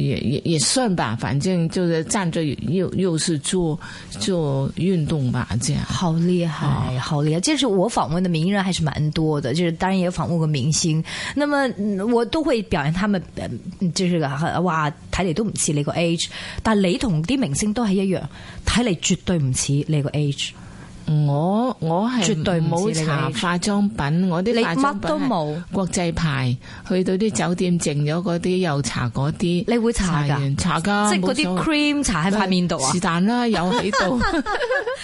也也也算吧，反正就是站着又又是做做運動吧，這樣。好厲害，嗯、好厲害！這是我訪問的名人還是蠻多的，就是當然也訪問過明星。那麼我都會表揚他們，就是哇，睇嚟都唔似你個 age。但你同啲明星都係一樣，睇嚟絕對唔似你個 age。我我係絕對唔搽化妝品，我啲你乜都冇國際牌，去到啲酒店淨咗嗰啲又搽嗰啲，你會搽噶？搽噶，即係嗰啲 cream 搽喺塊面度啊？是但啦，有喺度。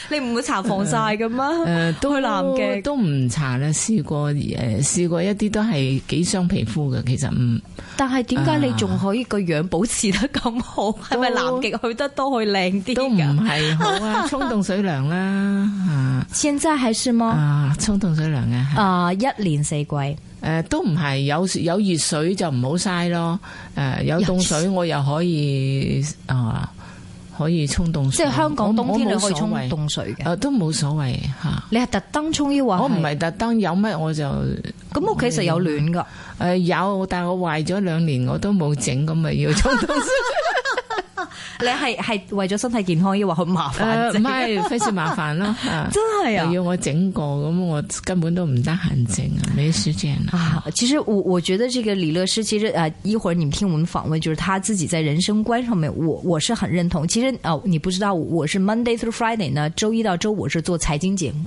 你唔會搽防曬噶嗎？誒、呃呃，都去南極都唔搽喇，試過誒，試、呃、過一啲都係幾傷皮膚嘅，其實唔。嗯、但係點解你仲可以個樣保持得咁好？係咪、呃、南極去得多會靚啲？都唔係好啊，沖凍水涼啦。 現在還是麼？啊，沖凍水涼嘅。啊、呃，一年四季。誒、呃，都唔係有有熱水就唔好嘥咯。誒、呃，有凍水我又可以啊、呃，可以沖凍水。即係香港冬天你可以沖凍水嘅。誒、呃，都冇所謂吓。啊、你係特登沖呢話？我唔係特登，有咩我就。咁屋企實有暖噶？誒、呃，有，但係我壞咗兩年，我都冇整，咁咪要沖凍水。 你係係為咗身體健康，抑或好麻煩？誒、呃，唔係些非常麻煩咯，真係 啊！你要我整過，咁我根本都唔得閒整啊，沒時間啊，嗯嗯嗯嗯嗯、其實我我覺得這個李樂詩，其實、啊、一會兒你們聽我們訪問，就是他自己在人生觀上面，我我是很認同。其實啊、哦，你不知道，我是 Monday through Friday 呢，周一到周五是做財經節目。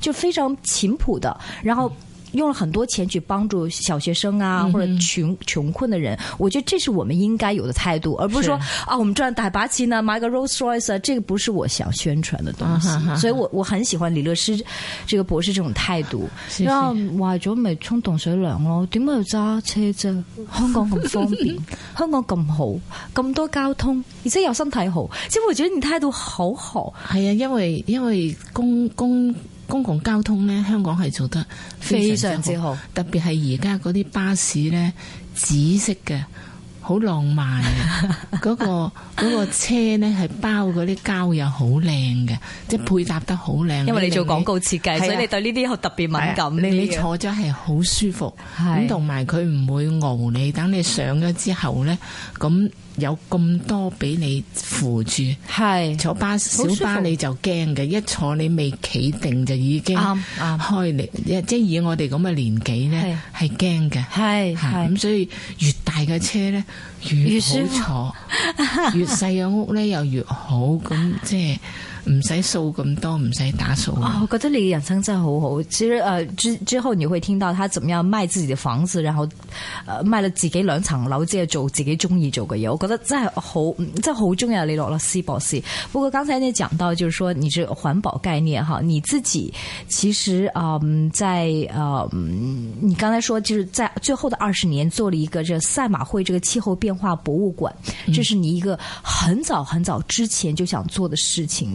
就非常勤朴的，然後用了很多錢去幫助小學生啊，或者窮、嗯、哼窮困的人。我覺得這是我們應該有的態度，而不是說啊是、哦，我們賺大把錢呢、啊，買個 Rolls Royce 啊，這個不是我想宣傳的東西。啊、哈哈所以我我很喜歡李樂詩這個博士這種態度。啊是，然後壞咗咪沖凍水涼咯？點解要揸車啫？香港咁方便， 香港咁好，咁多交通，而且又身體好，即係我覺得你態度好好。係啊，因為因為公公。公共交通呢，香港係做得非常之好，之好特別係而家嗰啲巴士呢，紫色嘅，好浪漫嘅，嗰、 嗰個嗰、嗰個車呢係包嗰啲膠又好靚嘅，即係配搭得好靚。因為你做廣告設計，你你啊、所以你對呢啲好特別敏感。是啊、你坐咗係好舒服，咁同埋佢唔會熬你，等你上咗之後呢。咁。有咁多俾你扶住，係是坐巴小巴你就驚嘅，一坐你未企定就已經開嚟，即係以我哋咁嘅年紀呢，係驚嘅，係咁，所以越大嘅車呢，越好坐，越細舒嘅 屋呢，又越好，咁即係。唔使掃咁多，唔使打掃。Oh, 我覺得你嘅人生真係好好。其實誒之、呃、之後你會聽到他怎麼樣賣自己的房子，然後，誒、呃、賣咗自己兩層樓，即係做自己中意做嘅嘢。我覺得真係好，真係好中意你李樂詩博士。不過剛才你講到，就是說你這環保概念哈，你自己其實啊、呃、在啊、呃，你剛才說就是在最後的二十年做了一個這賽馬會，這個氣候變化博物館，這、mm. 是你一個很早很早之前就想做的事情。